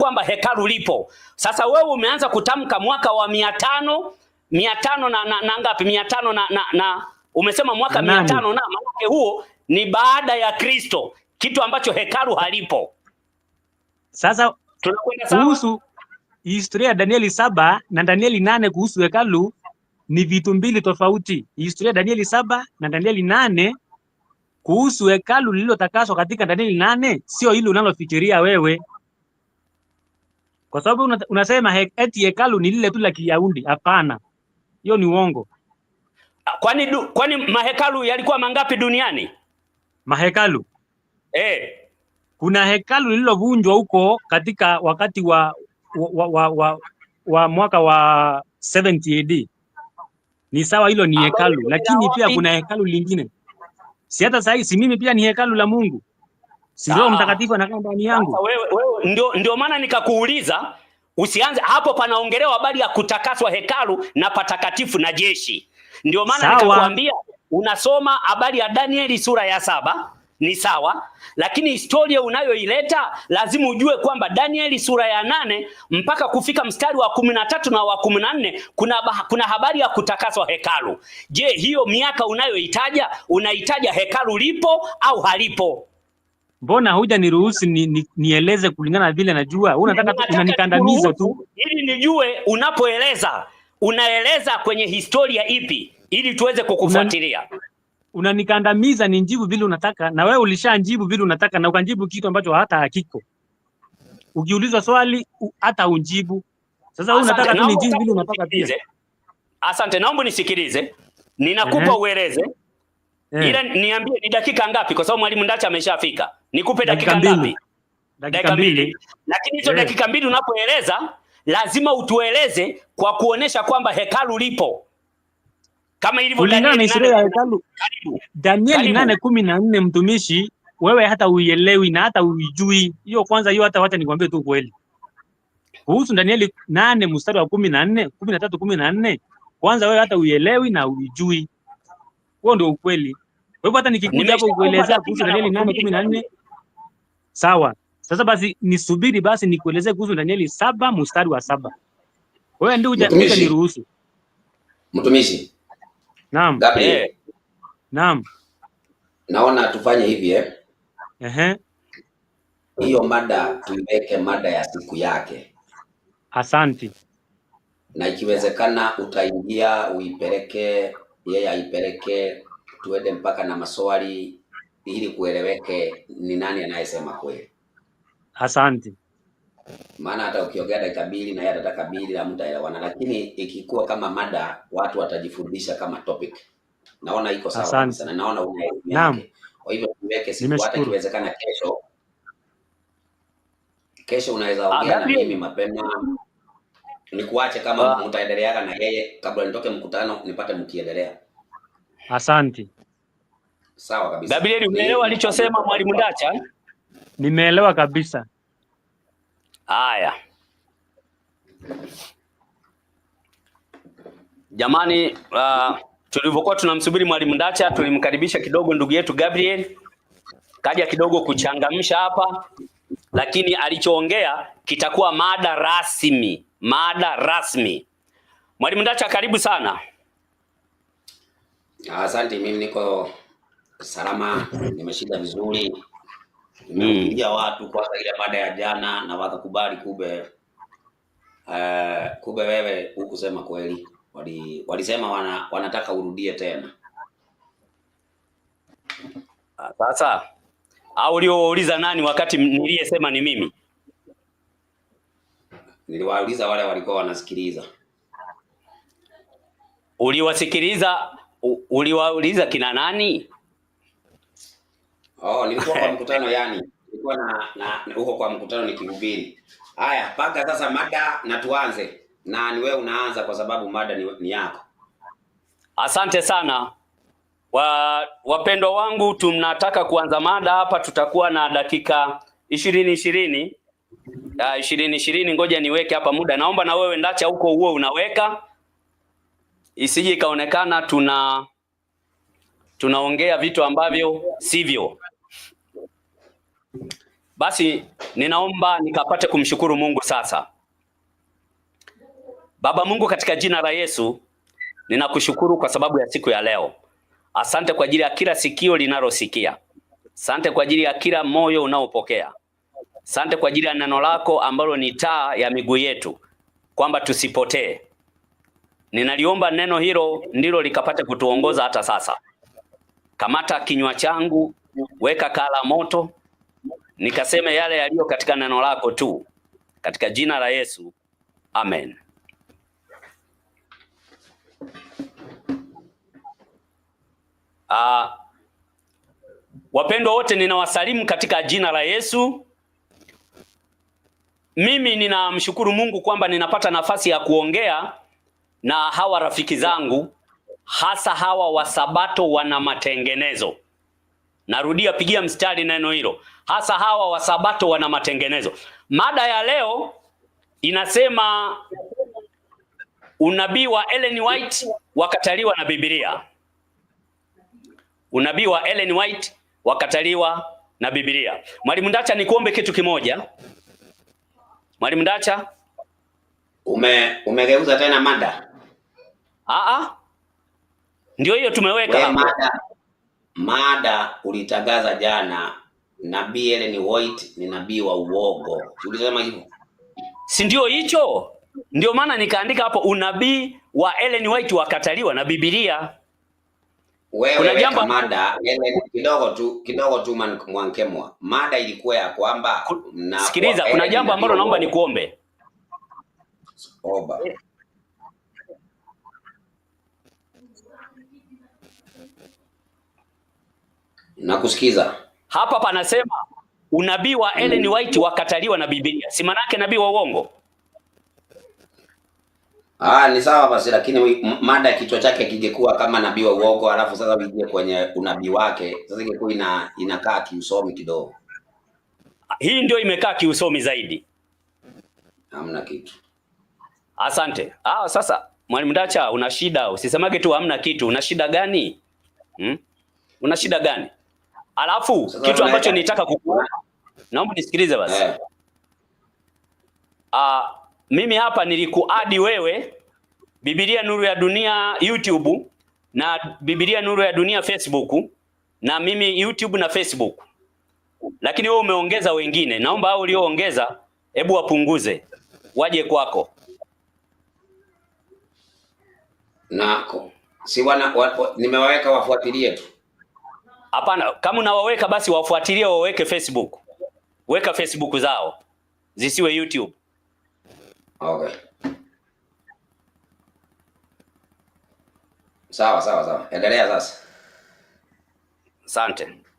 kwamba hekalu lipo. Sasa wewe umeanza kutamka mwaka wa mia tano mia tano na, na, na ngapi mia tano na, na, na umesema mwaka mia tano na maanake huo ni baada ya Kristo, kitu ambacho hekalu halipo. Sasa tunakwenda kuhusu historia ya Danieli saba na Danieli nane kuhusu hekalu ni vitu mbili tofauti. Historia ya Danieli saba na Danieli nane kuhusu hekalu lililotakaswa katika Danieli nane sio hilo unalofikiria wewe. Kwa sababu unasema he, eti hekalu ni lile tu la Kiyahudi. Hapana, hiyo ni uongo. Ah, kwani du, kwani mahekalu yalikuwa mangapi duniani? Mahekalu eh, kuna hekalu lililovunjwa huko katika wakati wa wa, wa, wa, wa mwaka wa 70 AD. Ni sawa, hilo ni hekalu, lakini pia kuna hekalu lingine. Si hata sasa si mimi pia ni hekalu la Mungu. Roho Mtakatifu anakaa ndani yangu. Ndio, ndio maana nikakuuliza usianze hapo, panaongelewa habari ya kutakaswa hekalu na patakatifu na jeshi. Ndio maana nikakwambia unasoma habari ya Danieli sura ya saba ni sawa, lakini historia unayoileta lazima ujue kwamba Danieli sura ya nane mpaka kufika mstari wa kumi na tatu na wa kumi na nne kuna, kuna habari ya kutakaswa hekalu. Je, hiyo miaka unayoitaja unaitaja hekalu lipo au halipo? Mbona huja niruhusu ni, ni, nieleze kulingana na vile najua? Unataka unanikandamiza tu ili nijue. Unapoeleza unaeleza kwenye historia ipi ili tuweze kukufuatilia? Unanikandamiza una njibu vile unataka, na wewe ulishajibu vile unataka, na ukanjibu kitu ambacho hata hakiko. Ukiulizwa swali u, hata unjibu. Sasa wewe unataka tu nijibu vile unataka pia. Asante, naomba nisikilize, ninakupa ueleze, eh. ila niambie ni dakika ngapi, kwa sababu mwalimu Ndacha ameshafika nikupe dakika ngapi? Dakika mbili. Lakini hizo eh. dakika mbili unapoeleza lazima utueleze kwa kuonesha kwamba hekalu lipo kama ilivyo kulingana hekalu. Danieli nane kumi na nne, mtumishi wewe hata uielewi na hata uijui hiyo. Kwanza hiyo hata wacha nikwambie tu kweli kuhusu Danieli nane mstari wa kumi na nne kumi na tatu kumi na nne kwanza wewe hata uielewi na uijui. Huo ndio ukweli. Kwa hivyo hata nikikuja hapo kuelezea kuhusu Danieli nane kumi na nne Sawa. Sasa basi nisubiri basi nikuelezee kuhusu Danieli saba mstari wa saba. Wewe ndio uja niruhusu. Mtumishi. Naam. Gabriel. Eh. Naam. Naona tufanye hivi eh. Ehe. Hiyo mada tuiweke mada ya siku yake. asanti Na ikiwezekana utaingia uipeleke yeye aipeleke tuende mpaka na maswali ili kueleweke ni nani anayesema kweli. Asante. Maana hata ukiongea dakika mbili na yeye atataka mbili na mtaelewana, lakini ikikuwa kama mada watu watajifundisha kama topic. Naona iko sawa sana, naona una naam. Kwa hivyo tuweke siku, hata ikiwezekana kesho, kesho unaweza ongea ah, na mimi mapema, nikuache kama ah. mtaendeleaga na yeye, kabla nitoke mkutano, nipate mkiendelea. Asante. Sawa kabisa. Gabriel, umeelewa alichosema mwalimu Dacha? Nimeelewa kabisa. Haya jamani, uh, tulivyokuwa tunamsubiri mwalimu dacha tulimkaribisha kidogo ndugu yetu Gabriel, kaja kidogo kuchangamsha hapa, lakini alichoongea kitakuwa mada rasmi, mada rasmi. Mwalimu Dacha karibu sana. Asante, mimi niko Salama, nimeshinda vizuri. Nimepigia mm. watu kwanza ile baada ya jana na wakakubali, kube uh, kube wewe hukusema kweli. Wali, walisema wana, wanataka urudie tena. Ah, sasa au uliouliza nani? Wakati niliyesema ni mimi, niliwauliza wale walikuwa wanasikiliza. Uliwasikiliza? Uliwauliza kina nani? Oh, nilikuwa kwa mkutano yani, nilikuwa na, na, na huko kwa mkutano ni nikihubiri. Haya, paka sasa mada na tuanze, na ni wewe unaanza kwa sababu mada ni, ni yako. Asante sana wa, wapendwa wangu, tunataka kuanza mada hapa. Tutakuwa na dakika ishirini ishirini ishirini ishirini. Ngoja niweke hapa muda, naomba na wewe Ndacha huko huo unaweka, isije ikaonekana tuna tunaongea vitu ambavyo sivyo. Basi ninaomba nikapate kumshukuru Mungu sasa. Baba Mungu, katika jina la Yesu ninakushukuru kwa sababu ya siku ya leo. Asante kwa ajili ya kila sikio linalosikia, asante kwa ajili ya kila moyo unaopokea, asante kwa ajili ya neno lako ambalo ni taa ya miguu yetu, kwamba tusipotee. Ninaliomba neno hilo ndilo likapate kutuongoza hata sasa. Kamata kinywa changu, weka kala moto nikaseme yale yaliyo katika neno lako tu, katika jina la Yesu, amen. Uh, wapendwa wote ninawasalimu katika jina la Yesu. Mimi ninamshukuru Mungu kwamba ninapata nafasi ya kuongea na hawa rafiki zangu, hasa hawa wasabato wana matengenezo. Narudia, pigia mstari neno hilo, hasa hawa wasabato wana matengenezo. Mada ya leo inasema unabii wa Ellen White wakataliwa na Biblia. Unabii wa Ellen White wakataliwa na Biblia. Mwalimu Ndacha, nikuombe kitu kimoja. Mwalimu Ndacha, ume umegeuza tena mada. Aa, ndio hiyo tumeweka we, mada mada ulitangaza jana, nabii Ellen White ni nabii wa uongo, ulisema hivyo, si ndio? Hicho ndio maana nikaandika hapo, unabii wa Ellen White wakataliwa na Biblia. Wewe jambo... mada kidogo tu kidogo tu mwankemwa, mada ilikuwa ya kwamba, sikiliza, kuna jambo ambalo naomba nikuombe Oba. Nakusikiza. Hapa panasema unabii wa Ellen White wakataliwa na Biblia, si manake nabii wa uongo? Ah, ni sawa basi, lakini mada ya kichwa chake kingekuwa kama nabii wa uongo, alafu sasa uingie kwenye unabii wake, sasa ingekuwa ina, inakaa kiusomi kidogo. Hii ndio imekaa kiusomi zaidi, hamna kitu. Asante. Ah, sasa Mwalimu dacha una shida, usisemage tu hamna kitu. Una shida gani? hmm? una shida gani? Alafu Sasa kitu ambacho nitaka kukuona, naomba nisikilize basi. Eh. Ah, mimi hapa nilikuadi wewe Biblia Nuru ya Dunia YouTube na Biblia Nuru ya Dunia Facebook na mimi YouTube na Facebook, lakini wewe umeongeza wengine. Naomba hao ulioongeza, hebu wapunguze waje kwako nako, si wana, nimewaweka wafuatilie tu. Hapana, kama unawaweka basi wafuatilie, waweke Facebook, weka Facebook zao zisiwe YouTube. Okay. Sawa sawa sawa, endelea sasa. Asante.